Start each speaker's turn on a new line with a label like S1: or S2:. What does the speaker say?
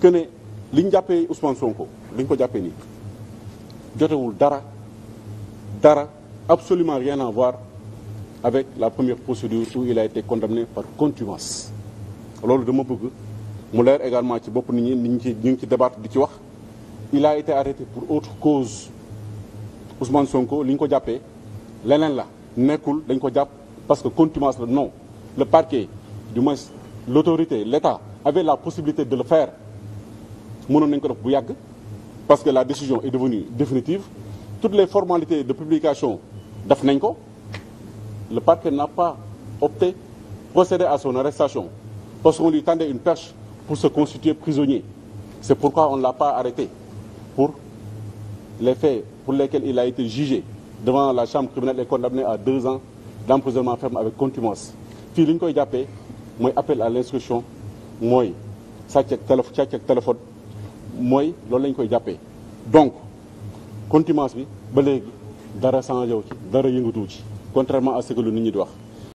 S1: que ne li jàppee Ousmane Sonko li ko jàppee nii jotewul dara dara absolument rien à voir avec la première procédure où il a été condamné par contumace loolu dama bëgg mu leer également ci bopp nit ñu nit ci ñu ngi ci débattre di ci wax il a été arrêté pour autre cause Ousmane Sonko li ñu ko jàppee leneen la nekkul dañ ko jàpp parce que contumace la non le parquet du moins l'autorité l'État avait la possibilité de la faire mënoon nañ ko def bu yàgg parce que la décision est devenue définitive toutes les formalités de publication def nañ ko le parquet n'a pas opté procédé à son arrestation parce qu'on lui tendait une perche pour se constituer prisonnier c'est pourquoi on l'a pas arrêté pour les faits pour lesquels il a été jugé devant la chambre criminelle et condamné à deux ans d'emprisonnement ferme avec contumace fii li ñu koy jàppee mooy appel à l'instruction mooy sàcc ak téléphone sàcc téléphone mooy loolu lañ koy jàppee donc contumace bi ba léegi dara changé wu ci dara yëngatuwu ci contrairement à ce que lu nit ñi di wax